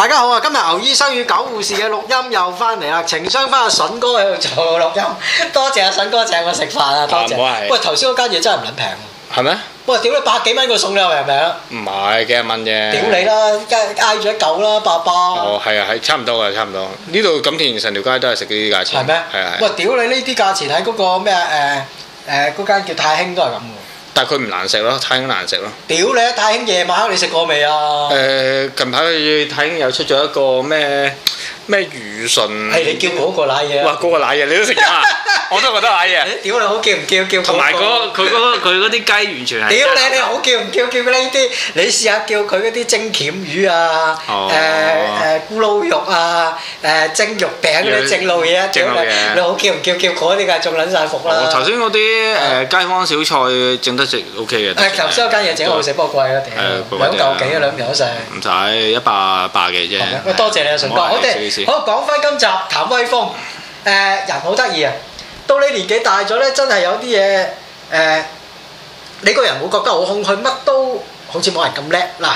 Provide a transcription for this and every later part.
大家好啊！今日牛醫生與狗護士嘅錄音又翻嚟啦，情商翻阿笋哥喺度做錄音，多謝阿、啊、笋哥請我食飯啊，多謝。啊、喂，頭先嗰間嘢真係唔捻平，係咩嗎？喂，屌你百你贏贏幾蚊個餸你話係咪啊？唔係幾廿蚊啫。屌你啦，嗌嗌咗一嚿啦，八包。哦，係啊，係差唔多啊，差唔多。呢度錦田成條街都係食呢啲價錢，係咩？係係。喂，屌你呢啲價錢喺嗰個咩啊？誒、呃、誒、嗰、呃、間、呃、叫太興都係咁但係佢唔難食咯，太興難食咯。屌你啊！太興夜晚，你食過未啊？誒、呃，近排佢太興又出咗一個咩？咩魚唇？係你叫嗰個瀨嘢。哇，嗰個瀨嘢，你都食啊？我都覺得奶嘢。屌你，好叫唔叫叫？同埋佢嗰佢啲雞完全係。屌你，你好叫唔叫叫呢啲？你試下叫佢嗰啲蒸鰻魚啊，誒誒咕嚕肉啊，誒蒸肉餅嗰啲正路嘢。屌你，你好叫唔叫叫嗰啲㗎？仲撚晒福啦。頭先嗰啲誒街坊小菜整得食 OK 嘅。係頭先嗰間嘢整好食，不過貴啦屌。兩嚿幾啊？兩嚿都食。唔使一百八幾啫。唔該，多謝你啊，順哥。好，講翻今集談威風，誒人好得意啊！到你年紀大咗呢，真係有啲嘢誒，你個人會覺得好空虛，乜都好似冇人咁叻。嗱，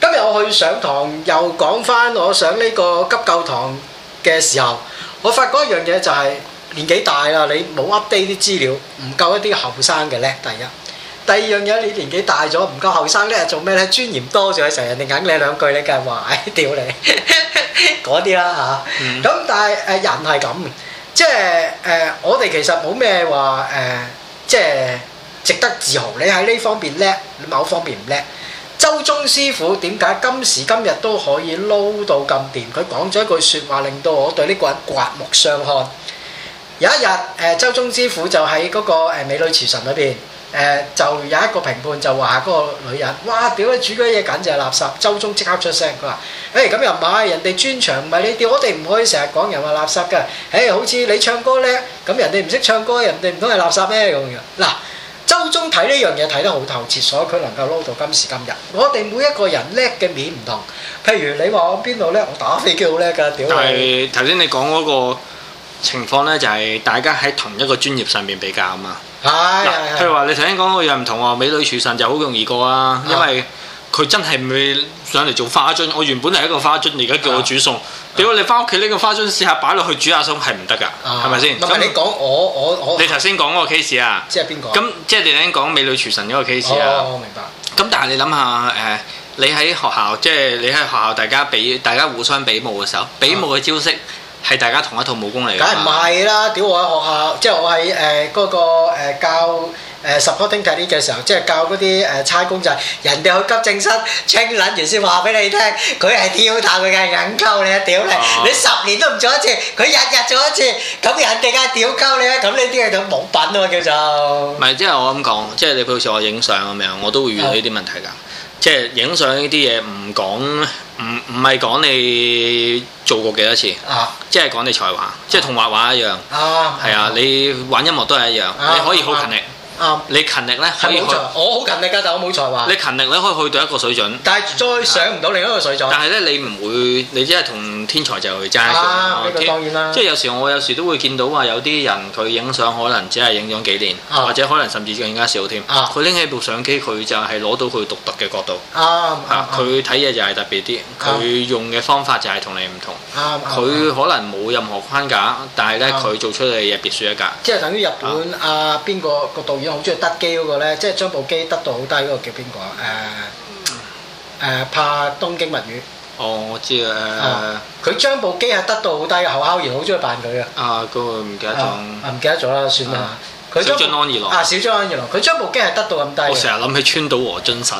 今日我去上堂又講翻，我上呢個急救堂嘅時候，我發覺一樣嘢就係年紀大啦，你冇 update 啲資料，唔夠一啲後生嘅叻。第一。第二樣嘢，你年紀大咗，唔夠後生呢，係做咩呢？尊嚴多咗，成日人哋噏你兩句，你梗係話唉，屌你嗰啲啦嚇。咁但係誒人係咁，即係誒我哋其實冇咩話誒，即係值得自豪。你喺呢方面叻，某方面唔叻。周中師傅點解今時今日都可以撈到咁掂？佢講咗一句説話，令到我對呢個人刮目相看。有一日誒，周中師傅就喺嗰個誒美女廚神裏邊。誒、呃、就有一個評判就話嗰個女人哇！屌，你煮嗰啲嘢緊就係垃圾。周中即刻出聲，佢話，誒咁又唔係，人哋專長唔係你屌，我哋唔可以成日講人話垃圾㗎。誒，好似你唱歌叻，咁人哋唔識唱歌，人哋唔通係垃圾咩咁樣？嗱，周中睇呢樣嘢睇得好透切徹，所以佢能夠撈到今時今日。我哋每一個人叻嘅面唔同，譬如你話我邊度咧，我打飛機好叻㗎。屌是你！頭先你講嗰個情況咧，就係大家喺同一個專業上面比較啊嘛。係，譬唉如話你頭先講嗰個又唔同喎，美女廚神就好容易過啊，因為佢真係唔會上嚟做花樽。我原本係一個花樽，而家叫我煮餸，俾我、啊、你翻屋企呢個花樽試下擺落去煮下餸係唔得㗎，係咪先？咁你講我我我，我我你頭先講嗰個 case 啊，即係邊個？咁即係你頭先講美女廚神嗰個 case 啊，我、哦哦、明白。咁但係你諗下誒，你喺學校，即係你喺學校，大家比，大家互相比武嘅時候，比武嘅招式。嗯係大家同一套武功嚟嘅。梗係唔係啦？屌我喺學校，即係我喺誒嗰個誒、呃、教誒十個丁泰啲嘅時候，即係教嗰啲誒差工仔，人哋去急症室清捻完先話俾你聽，佢係跳探，佢係硬扣你啊！屌你，你十年都唔做一次，佢日日做一次，咁人哋家屌鳩你呢啊！咁呢啲嘢就冇品喎叫做。唔係即係我咁講，即係你好似我影相咁樣，我都會遇到呢啲問題㗎。嗯即係影相呢啲嘢，唔講，唔唔係講你做過幾多次，即係、啊、講你才華，即係同畫畫一樣，係啊，你玩音樂都係一樣，啊、你可以好勤力。啊你勤力呢？可以去，我好勤力噶，但我冇才華。你勤力咧可以去到一個水準，但係再上唔到另一個水準。但係呢，你唔會，你只係同天才就去爭一場。呢個當然啦。即係有時我有時都會見到話，有啲人佢影相，可能只係影咗幾年，或者可能甚至更加少添。佢拎起部相機，佢就係攞到佢獨特嘅角度。佢睇嘢就係特別啲，佢用嘅方法就係同你唔同。佢可能冇任何框架，但係呢，佢做出嚟嘅嘢別樹一格。即係等於日本啊，邊個角度？好中意得機嗰、那個咧，即係將部機得到好低嗰、那個叫邊個啊？誒、呃、誒，怕、呃、東京物語。哦，我知、嗯、誒啊。佢將部機係得到好低嘅，侯孝賢好中意扮佢啊。啊，個唔記得咗。啊，唔記得咗啦，算啦。小津安二郎啊！小津安二郎，佢將部機係得到咁低。我成日諗起川島和津實，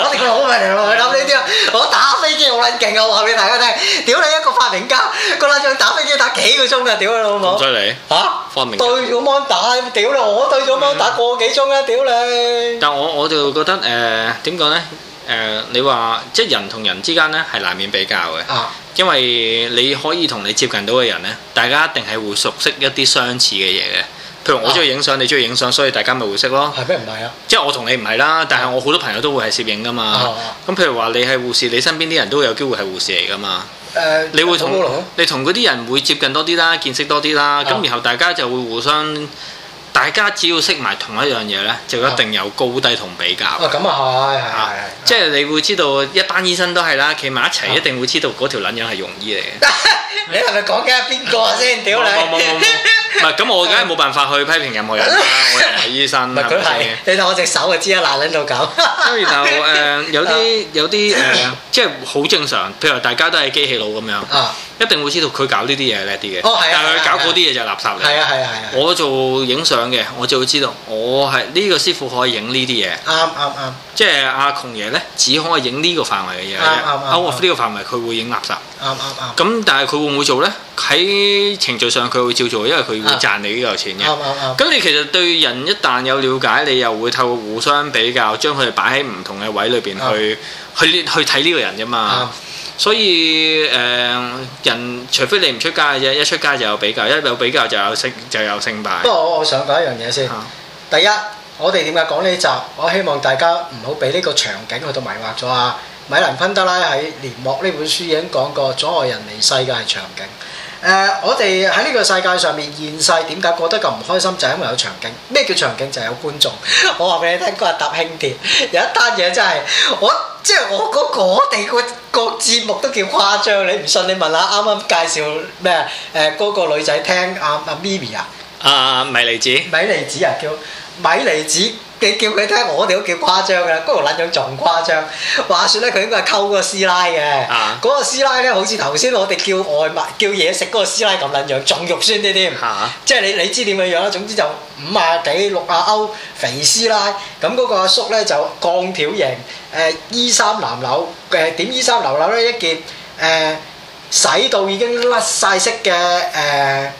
我哋個老味嚟咯，佢諗呢啲啊！我打飛機好撚勁啊！我話俾大家聽，屌你一個發明家，個撚仲打飛機打幾個鐘啊！屌你老母！犀利嚇發明。對咗芒打，屌你！我對咗芒打個幾鐘啊！屌你！但係我我就覺得誒點講咧？呃誒、呃，你話即係人同人之間咧，係難免比較嘅，啊、因為你可以同你接近到嘅人咧，大家一定係會熟悉一啲相似嘅嘢嘅。譬如我鍾意影相，啊、你鍾意影相，所以大家咪會識咯。係咩唔係啊？即係我同你唔係啦，但係我好多朋友都會係攝影㗎嘛。咁、啊、譬如話你係護士，你身邊啲人都有機會係護士嚟㗎嘛。誒、呃，你會同、嗯、你同嗰啲人會接近多啲啦，見識多啲啦。咁、嗯、然後大家就會互相。大家只要識埋同一樣嘢呢，就一定有高低同比較。咁啊係，係、啊、即係你會知道一班醫生都係啦，企埋一齊一定會知道嗰條撚樣係庸醫嚟嘅。 你係咪講緊邊個先？屌你！咁，我梗係冇辦法去批評任何人啦。我係醫生，唔係。你睇我隻手就知啦，爛到咁。咁然後誒，有啲有啲誒，即係好正常。譬如大家都係機器佬咁樣，一定會知道佢搞呢啲嘢係叻啲嘅。哦，係啊。但係佢搞嗰啲嘢就係垃圾嚟。係啊，係啊，係啊。我做影相嘅，我就會知道我係呢個師傅可以影呢啲嘢。啱啱啱。即係阿窮爺咧，只可以影呢個範圍嘅嘢。啱啱啱。喺呢個範圍，佢會影垃圾。啱啱啱，咁、嗯嗯、但係佢會唔會做呢？喺程序上佢會照做，因為佢會賺你呢嚿錢嘅。咁、嗯嗯嗯、你其實對人一旦有了解，你又會透過互相比較，將佢哋擺喺唔同嘅位裏邊去、嗯、去去睇呢個人啫嘛。嗯、所以誒、呃，人除非你唔出街嘅啫，一出街就有比較，一有比較就有勝就有勝敗。不過我想講一樣嘢先，嗯、第一，我哋點解講呢集？我希望大家唔好俾呢個場景去到迷惑咗啊！米蘭昆德拉喺《年末》呢本書已經講過，阻礙人嚟世界係場景。誒、呃，我哋喺呢個世界上面現世，點解覺得咁唔開心？就係、因為有場景。咩叫場景？就係、是、有觀眾。 我話俾你聽，嗰日搭輕鐵，有一單嘢真係我，即、就、係、是、我嗰嗰地個、那個、個節目都叫誇張。你唔信？你問下啱啱介紹咩誒嗰個女仔聽，阿阿咪咪啊，阿米妮子，米妮子啊，叫米妮子。你叫佢聽，我哋都叫誇張嘅，嗰、嗰個撚樣仲誇張。話說咧，佢應該係溝嗰個師奶嘅，嗰、啊、個師奶咧好似頭先我哋叫外賣、叫嘢食嗰個師奶咁撚樣，仲肉酸啲添。啊、即係你你知點嘅樣啦。總之就五啊幾六啊歐肥師奶，咁嗰個阿叔咧就鋼條型，誒衣衫襤褸。嘅、e 呃、點衣衫襤褸咧？一件誒、呃、洗到已經甩晒色嘅誒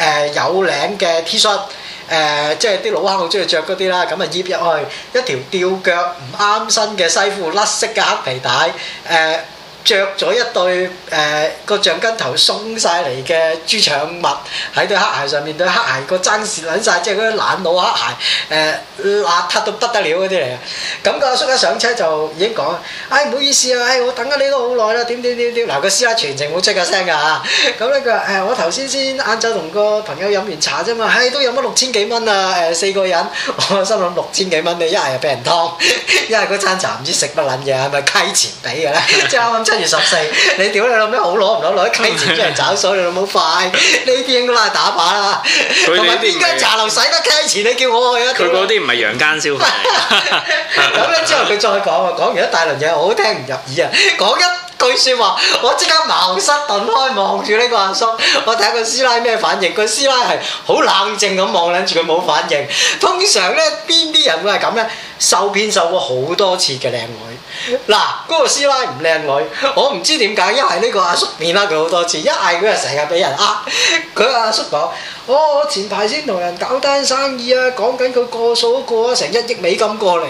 誒有領嘅 T-shirt。誒、呃，即係啲老坑好中意着嗰啲啦，咁啊，腌入去一條吊腳唔啱身嘅西褲，甩色嘅黑皮帶，誒、呃。着咗一對誒、呃、個橡筋頭鬆晒嚟嘅豬腸襪喺對黑鞋上面，對黑鞋個踭跣捻晒，即係嗰啲懶佬黑鞋，誒，邋遢到不得了嗰啲嚟嘅。咁個阿叔一上車就已經講啊，誒、哎、唔好意思啊，誒、哎、我等緊你都好耐啦，點點點點，嗱，個師奶全程冇出個聲㗎嚇。咁咧佢話誒，我頭先先晏晝同個朋友飲完茶啫嘛，唉、哎，都飲咗六千幾蚊啊，誒、呃、四個人，我心諗六千幾蚊，你一係又俾人劏，一係嗰餐茶唔知食乜撚嘢係咪溪錢俾嘅咧，即 係 七月十四，你屌你老咩好攞唔攞，攞啲雞錢出嚟找數，你老母快！呢啲應該係打靶啦。同埋邊間茶樓使得雞錢？你叫我去啊！佢嗰啲唔係陽間消費。咁樣 之後佢再講啊，講完一大輪嘢，我都聽唔入耳啊！講一句説話，我即刻茅塞頓開，望住呢個阿叔，我睇下個師奶咩反應。個師奶係好冷靜咁望撚住佢冇反應。通常咧邊啲人會係咁咧？受騙受過好多次嘅靚嗱，嗰個師奶唔靚女，我唔知點解，一係呢個阿叔面拉佢好多次，一嗌佢就成日俾人呃。佢阿叔講：，我前排先同人搞單生意啊，講緊佢過數過啊，成一億美金過嚟，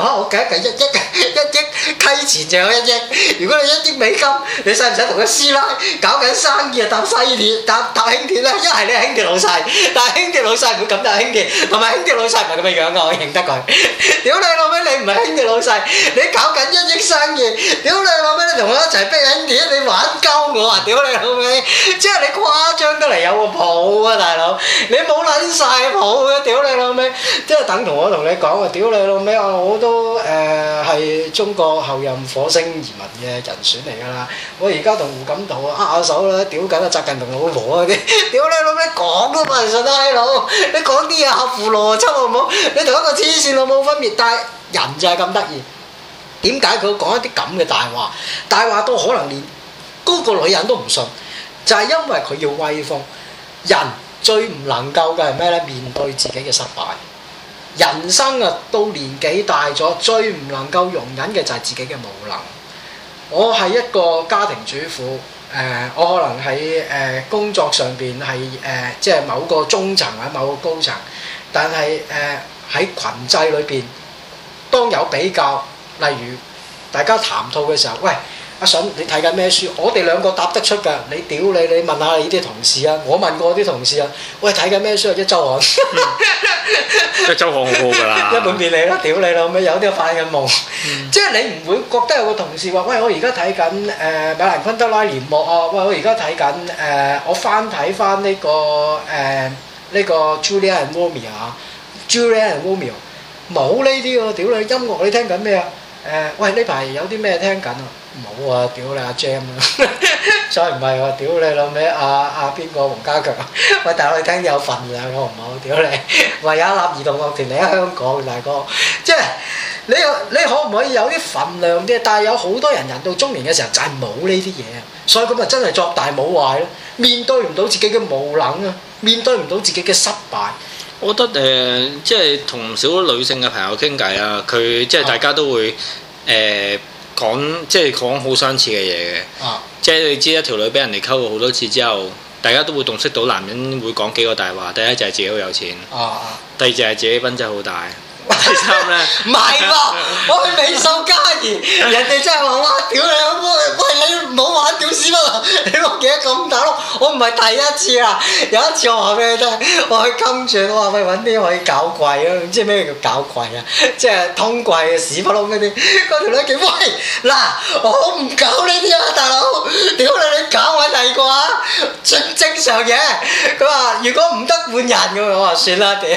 啊，我計緊一億嘅，一億梯前就有一億。如果你一億美金，你使唔使同個師奶搞緊生意啊？搭西鐵搭搭輕鐵咧，一係你係輕鐵老細，但係輕鐵老細唔會咁搭輕鐵，同埋輕鐵老細唔係咁嘅樣㗎，我認得佢。屌你老味，你唔係輕鐵老細，你搞緊一億生意，屌你老味，你同我一齊逼輕鐵，你玩鳩我啊！屌你老味，即係你誇張得～嚟有個譜啊，大佬！你冇撚晒譜啊，屌你老味！即係等同我同你講啊，屌你老味！啊，我都誒係、呃、中國後任火星移民嘅人選嚟㗎啦！我而家同胡錦濤啊握下手啦，屌緊啊，習近平同老婆嗰啲，屌你老味講都冇人信啦，佬、啊啊！你講啲嘢合乎邏輯好唔好？你同一個天線佬冇分別，但係人就係咁得意。點解佢講一啲咁嘅大話？大話都可能連高個女人都唔信。就係因為佢要威風，人最唔能夠嘅係咩呢？面對自己嘅失敗，人生啊，到年紀大咗，最唔能夠容忍嘅就係自己嘅無能。我係一個家庭主婦，誒、呃，我可能喺誒、呃、工作上邊係誒，即係某個中層或者某個高層，但係誒喺群際裏邊，當有比較，例如大家談吐嘅時候，喂。阿嬸、啊，你睇緊咩書？我哋兩個答得出㗎。你屌你，你問下你啲同事啊。我問過啲同事啊，喂，睇緊咩書啊？一周刊，一周刊、 嗯、好好㗎啦。 一本便利啦，屌你老味，有啲發緊夢。嗯、即你唔會覺得有個同事話：，喂，我而家睇緊誒《米、呃、蘭昆德拉》連幕啊！喂，我而家睇緊誒，我翻睇翻呢個誒呢個《Julian、呃、Mummy》這個、Julia and ia, Julia and ia, 啊，《Julian Mummy》冇呢啲㗎，屌你！音樂你聽緊咩啊？誒、呃，喂，呢排有啲咩聽緊啊？冇啊！屌你阿 Gem 啊，再唔係喎！屌你老尾阿阿邊個黃家強啊！喂，大佬你聽有份量好唔好？嗯、屌你，唯有一立兒童樂團嚟喺香港，大哥，即係，你有你可唔可以有啲份量啫？但係有好多人人到中年嘅時候就係冇呢啲嘢，所以咁咪真係作大冇壞咯，面對唔到自己嘅無能啊，面對唔到自己嘅失敗。我覺得誒，即係同唔少女性嘅朋友傾偈啊，佢即係大家都會誒。呃講，即係講好相似嘅嘢嘅，啊、即係你知一條女俾人哋溝過好多次之後，大家都會洞悉到男人會講幾個大話，第一就係自己好有錢，啊、第二就係自己份仔好大，第三咧？唔係喎， 我去美秀嘉怡， 人哋真係話哇屌你！咁大碌，我唔係第一次啊。有一次我話畀你聽，我話去金像，我話去揾啲可以搞貴啊。即係咩叫搞貴啊？即係通貴啊，屎窟窿嗰啲。嗰條女叫喂嗱，我唔搞呢啲啊，大佬。屌你，你搞我第二個啊？正正常嘢。佢話如果唔得換人咁，我話算啦。屌，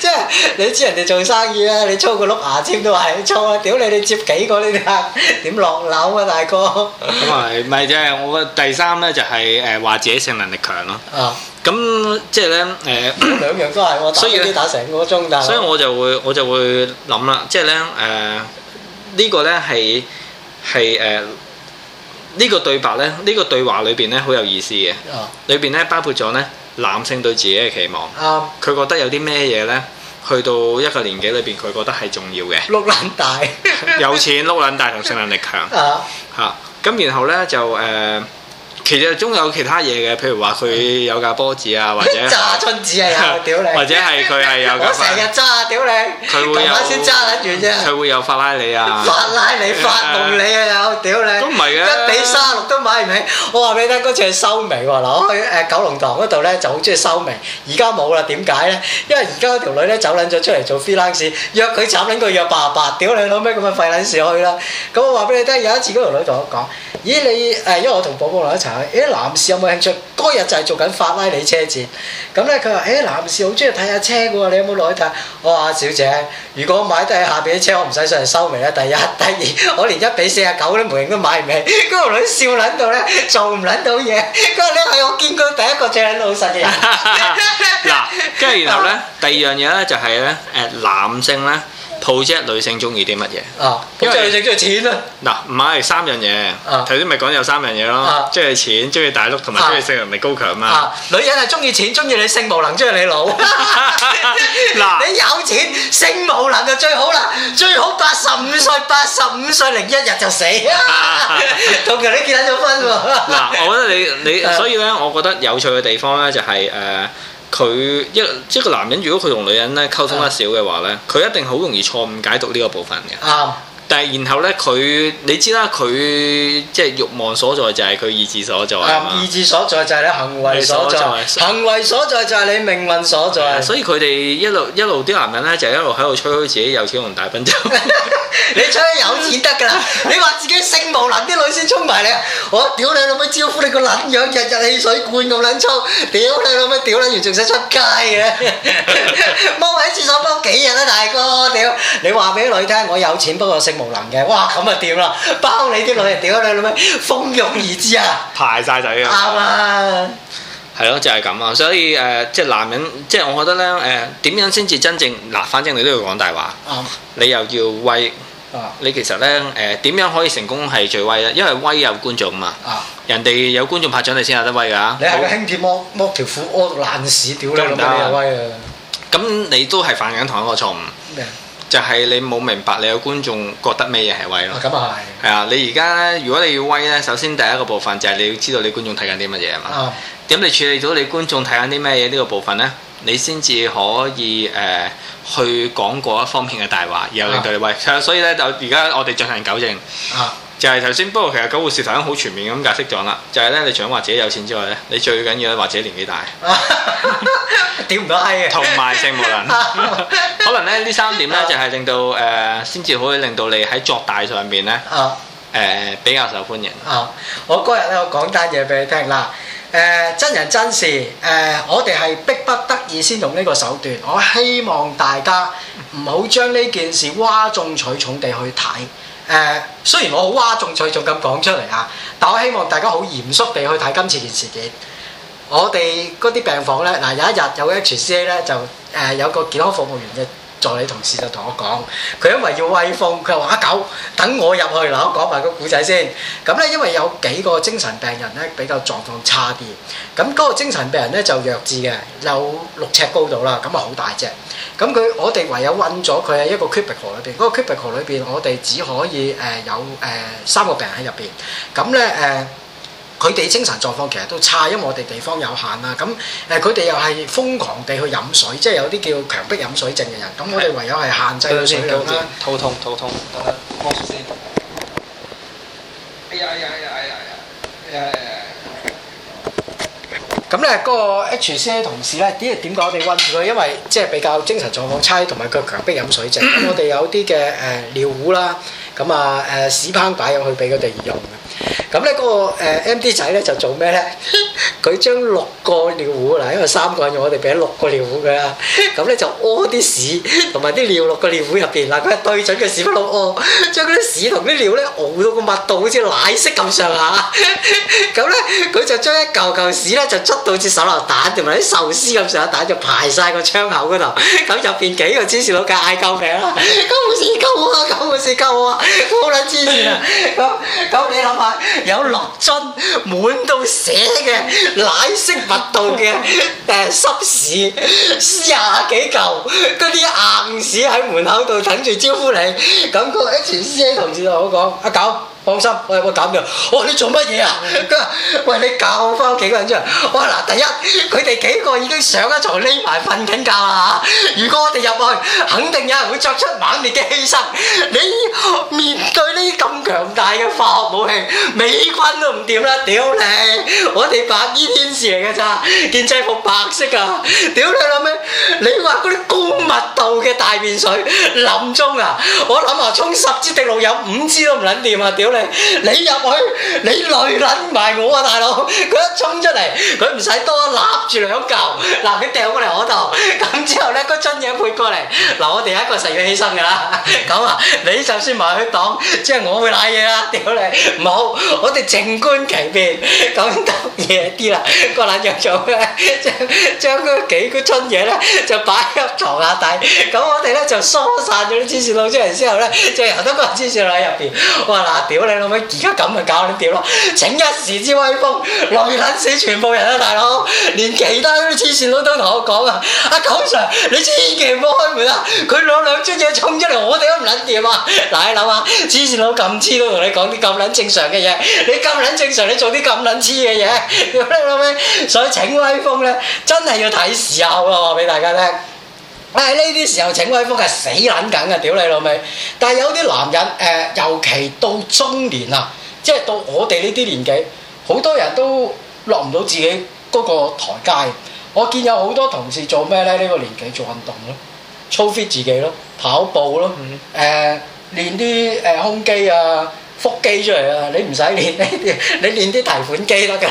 即係你知人哋做生意啊，你操個碌牙簽都話係你操啊。屌你，你接幾個呢啲客啊？點落樓啊，大哥？咁啊，唔係即係我第三咧。就係誒話自己性能力強咯。啊，咁即係呢，誒、呃，兩樣都係我打機打成個鐘，但 係所，所以我就會我就會諗啦，即、就、係、是、呢，誒、呃、呢、這個呢係係誒呢個對白呢，呢、這個對話裏邊呢，好有意思嘅。啊裡面呢，裏邊咧包括咗呢，男性對自己嘅期望。佢、啊、覺得有啲咩嘢呢？去到一個年紀裏邊，佢覺得係重要嘅。碌撚年大， 有錢碌撚大同性能力強。啊，咁、啊、然後呢，就誒。呃其實仲有其他嘢嘅，譬如話佢有架波子啊，或者揸春子啊，又屌你，或者係佢係有架，我成日揸，啊屌你，佢會有，先揸得住啫？佢會有法拉利啊，法拉利，法利、法隆尼又有的，屌你，都唔係啊，一比三六都買唔起。我話俾你聽，嗰次係收尾喎，嗱，我去誒九龍塘嗰度咧，就好中意收尾。而家冇啦，點解咧？因為而家嗰條女咧走撚咗出嚟做 freelancer，約佢賈撚佢約八百，屌你老咩咁嘅廢撚事去啦！咁我話俾你聽，有一次嗰條女同我講：咦，你誒，因為我同寶寶喺一。誒男士有冇興趣？嗰日就係做緊法拉利車展，咁咧佢話：誒、欸、男士好中意睇下車嘅喎，你有冇落去睇？我話，小姐，如果我買得起下邊啲車，我唔使上嚟收尾啦。第一，第二，我連一比四啊九嗰啲模型都買唔起。嗰個女笑撚到咧，做唔撚到嘢。佢話你係我見過第一個最撚老實嘅人。嗱，跟住然後咧，第二樣嘢咧就係、是、咧，誒男性咧。project 女性中意啲乜嘢啊？即女性中意錢啦。嗱，唔、啊、係三樣嘢。頭先咪講有三樣嘢咯，中意、啊、錢，中意大碌，同埋中意性能力高強啊，啊。女人係中意錢，中意你性無能，中意你老。嗱、 啊，你有錢，性無能就最好啦，最好八十五歲，八十五歲零一日就死， 同人哋結咗婚喎。嗱、啊啊，我覺得你你、啊、覺得你，所以咧，我覺得有趣嘅地方咧、就是，就係誒。佢一即個男人，如果佢同女人咧溝通得少嘅話咧，佢、嗯、一定好容易錯誤解讀呢個部分嘅。啱、嗯。但係然後咧，佢你知啦，佢即係欲望所在就係佢意志所在、嗯、意志所在就係你行為所在，所在行為所在就係你命運所在。嗯、所以佢哋一路一路啲男人咧，就係一路喺度吹自己有錢同大笨象。嗯 你出去有錢得㗎啦！你話自己性無能啲女先衝埋嚟，我屌你老母招呼你個撚樣，日日汽水罐咁撚粗，屌你老母屌撚完仲使出街嘅，踎喺廁所踎幾日啦、啊、大哥，屌！你話俾女聽，我有錢不過性無能嘅，哇咁啊屌啦？包你啲女，屌你老母蜂擁而至啊！排晒隊啊！啱啊吧！係咯，就係咁啊！所以誒，即係男人，即係我覺得咧，誒，點樣先至真正嗱？反正你都要講大話，你又要威，你其實咧，誒，點樣可以成功係最威咧？因為威有觀眾嘛，人哋有觀眾拍掌，你先有得威噶。你係個輕鐵摸摸條褲屙爛屎屌你，咁你都係犯緊同一個錯誤。就係你冇明白你有觀眾覺得咩嘢係威咯。咁係。係啊，你而家咧如果你要威咧，首先第一個部分就係你要知道你觀眾睇緊啲乜嘢啊嘛。點你處理到你觀眾睇緊啲咩嘢呢個部分呢？你先至可以誒去講過一方面嘅大話，然後令到你威。所以咧就而家我哋進行糾正，就係頭先。不過其實九護士頭先好全面咁解釋咗啦，就係咧你除咗話自己有錢之外咧，你最緊要咧話自己年紀大，屌唔到閪嘅，同埋性無能。可能咧呢三點咧就係令到誒先至可以令到你喺作大上邊咧誒比較受歡迎。我今日咧我講單嘢俾你聽啦。誒、呃、真人真事，誒、呃、我哋係逼不得已先用呢個手段。我希望大家唔好將呢件事嘩眾取寵地去睇。誒、呃、雖然我好嘩眾取寵咁講出嚟啊，但我希望大家好嚴肅地去睇今次件事件。我哋嗰啲病房呢，嗱、呃、有一日有 HCA 呢，就誒、呃、有個健康服務員嘅。助理同事就同我講，佢因為要威風，佢話阿狗等我入去啦，我講埋個故仔先。咁咧，因為有幾個精神病人咧，比較狀況差啲，咁嗰個精神病人咧就弱智嘅，有六尺高度啦，咁啊好大隻。咁佢我哋唯有揾咗佢喺一個 cubicle 裏邊。嗰個 cubicle 裏邊我哋只可以誒有誒三個病人喺入邊。咁咧誒。呃佢哋精神狀況其實都差，因為我哋地方有限啦。咁誒，佢哋又係瘋狂地去飲水，即係有啲叫強迫飲水症嘅人。咁的呢我哋唯有係限制佢水量啦。肚痛肚痛，得啦，屙完先。咁咧，嗰個 HCA 同事咧，點點解我哋溫住佢？因為即係比較精神狀況差，同埋佢強迫飲水症。咁、嗯、我哋有啲嘅誒尿壺啦，咁啊誒屎盆擺入去俾佢哋用。咁咧嗰個 M D 仔咧就做咩咧？佢將六個尿壺嗱，因為三個人用，我哋俾咗六個尿壺佢，咁咧就屙啲屎同埋啲尿落個尿壺入邊嗱，佢係對準個屎忽窿屙，將嗰啲屎同啲尿咧熬到個密度好似奶色咁上下，咁咧佢就將一嚿嚿屎咧就捽到好似手榴彈，同埋啲壽司咁上下大，就排晒個窗口嗰度。咁入邊幾個黐線佬梗嗌救命啦！救命救我啊！救命救我啊！冇兩黐線啊！咁咁你諗下？有六樽滿到寫嘅奶色密度嘅誒濕屎，廿幾舊嗰啲硬屎喺門口度等住招呼你，咁個 H 串師同志就好講阿九。啊放心，我有個膽嘅。我話你做乜嘢啊？佢話：喂，你搞翻屋企嗰兩隻。我話嗱，第一佢哋幾個已經上咗牀匿埋瞓緊覺啦。如果我哋入去，肯定有人會作出猛烈嘅犧牲。你面對呢啲咁強大嘅化學武器，美軍都唔掂啦。屌你！我哋白衣天使嚟嘅咋？件制服白色㗎。屌你諗咩？你話嗰啲高密度嘅大便水，淋中啊！我諗啊，沖十支滴露，有五支都唔撚掂啊！屌你！你入去，你累捻埋我啊，大佬！佢一衝出嚟，佢唔使多，立住兩嚿，嗱，佢掉過嚟我度，咁之後呢，嗰個樽嘢背過嚟，嗱，我哋一個食要起身噶啦，咁啊，你就先埋去擋，即係我會瀨嘢啦，屌你，唔好，我哋靜觀其變，咁夜啲啦，嗰個捻將做咩將嗰幾嗰樽嘢呢，就擺入床下底，咁我哋呢，就疏散咗啲黐線佬出嚟之後咧，就由得個黐線佬喺入邊，哇嗱，屌！你老味而家咁咪搞你掂咯？請一時之威風，累撚死全部人啊！大佬，連其他啲黐線佬都同我講啊！阿九 Sir，你千祈唔好開門啊！佢攞兩樽嘢衝出嚟，我哋都唔撚掂啊！嗱，你諗下，黐線佬咁黐都同你講啲咁撚正常嘅嘢，你咁撚正常，你做啲咁撚黐嘅嘢，你老味，所以請威風呢，真係要睇時候咯，話俾大家聽。啊！呢啲，哎、時候請威風係死撚緊嘅，屌你老味！但係有啲男人誒，呃，尤其到中年啊，即係到我哋呢啲年紀，好多人都落唔到自己嗰個台階。我見有好多同事做咩咧？呢，這個年紀做運動咯，操 fit 自己咯，跑步咯，誒，呃，練啲誒胸肌啊～腹肌出嚟啊！你唔使練，你你練啲提款機得㗎。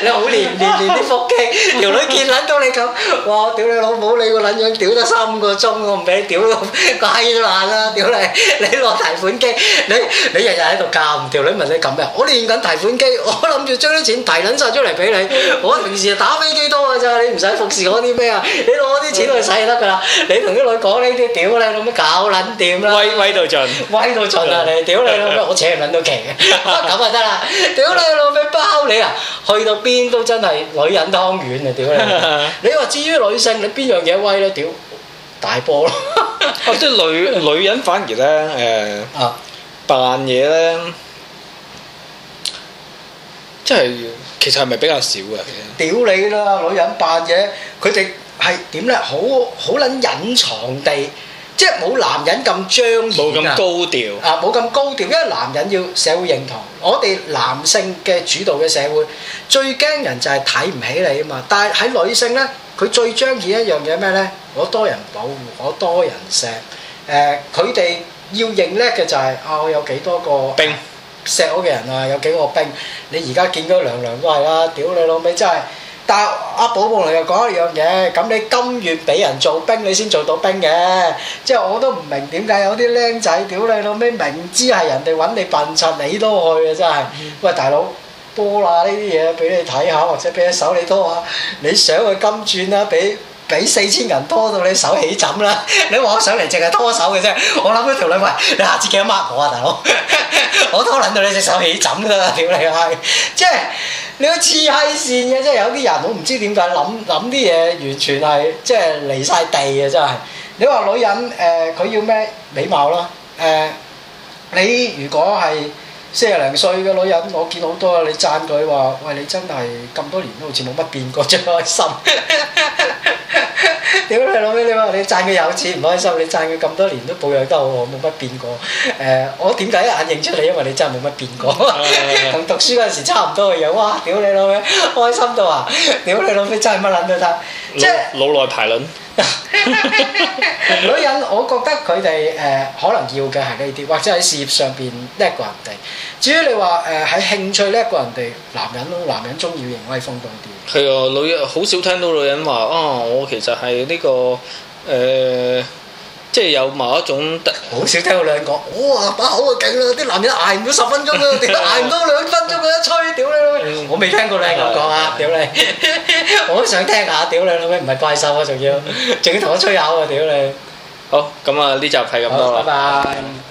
你唔好練練練啲腹肌，條女見撚到你咁，我屌你老母！你個撚樣屌得三個鐘，我唔俾你屌到個閪爛啦！屌你，你攞提款機，你你日日喺度撳，條女問你撳咩？我練緊提款機，我諗住將啲錢提撚晒出嚟俾你。我平時打飛機多㗎咋，你唔使服侍我啲咩啊？你攞啲錢去使就得㗎啦！你同啲女講呢啲，屌你老母，搞撚掂啦！威威到盡，威到盡啊你，屌你！ 我扯唔搵到棋嘅，咁啊得啦！屌你老味包你啊，去到邊都真係女人湯圓啊！屌你，你話至於女性你邊樣嘢威咧？屌大波咯！啊，即係女女人反而咧誒，扮嘢咧，即係、啊、其實係咪比較少啊？屌你啦，女人扮嘢，佢哋係點咧？好好撚隱藏地。即係冇男人咁張顯啊！冇咁高調啊！冇咁高調，因為男人要社會認同。我哋男性嘅主導嘅社會最驚人就係睇唔起你啊嘛！但係喺女性呢，佢最張顯一樣嘢咩呢？我多人保護，我多人錫。誒，佢哋要認叻嘅就係啊！我有幾多個兵錫我嘅人啊？有幾個兵？你而家見到娘娘都係啦！屌你老味真係～但阿、啊、寶寶嚟又講一樣嘢，咁你甘願俾人做兵，你先做到兵嘅，即係我都唔明點解有啲僆仔屌你老味，明知係人哋揾你笨柒，你都去嘅真係。喂，大佬，波啦，呢啲嘢俾你睇下，或者俾隻手你拖下，你想去金鑽啦、啊，俾。俾四千人拖到你手起枕啦！ 你話我上嚟淨係拖手嘅啫， 我諗咗條女話：你下次記得抹我啊，大佬！ 我拖撚到你隻手起枕㗎，屌你個閪！即 係、就是、你好黐閪線嘅，即係有啲人我唔知點解諗諗啲嘢完全係即係離晒地嘅，真係 你話女人誒佢、呃、要咩美貌囉誒、呃？你如果係。四廿零歲嘅女人，我見好多啊！你讚佢話：喂，你真係咁多年都好似冇乜變過，最開心！ 屌你老味，你話你讚佢有錢唔開心，你讚佢咁多年都保養得好，冇乜變過。呃、我點解一眼認出你？因為你真係冇乜變過，同、啊、 讀書嗰陣時差唔多嘅樣。哇！屌你老味，開心到啊！屌你老味，真係乜撚都得，老即係腦內排卵。 女人，我覺得佢哋誒可能要嘅係呢啲，或者喺事業上邊叻過人哋。至於你話誒喺興趣叻過人哋，男人，男人中意型威風多啲。係啊，女好少聽到女人話啊、哦，我其實係呢、呢個誒。呃即係有某一種，好少聽到女人講。哇、哦，把口啊勁啦！啲男人捱唔到十分鐘㗎，捱唔到兩分鐘一吹屌你！ 我未聽過你咁講啊，屌你！ 對 我都想聽下，屌你老味，唔係怪獸啊，仲要仲要同我吹口啊，屌你！好，咁啊，呢集係咁多啦。拜拜。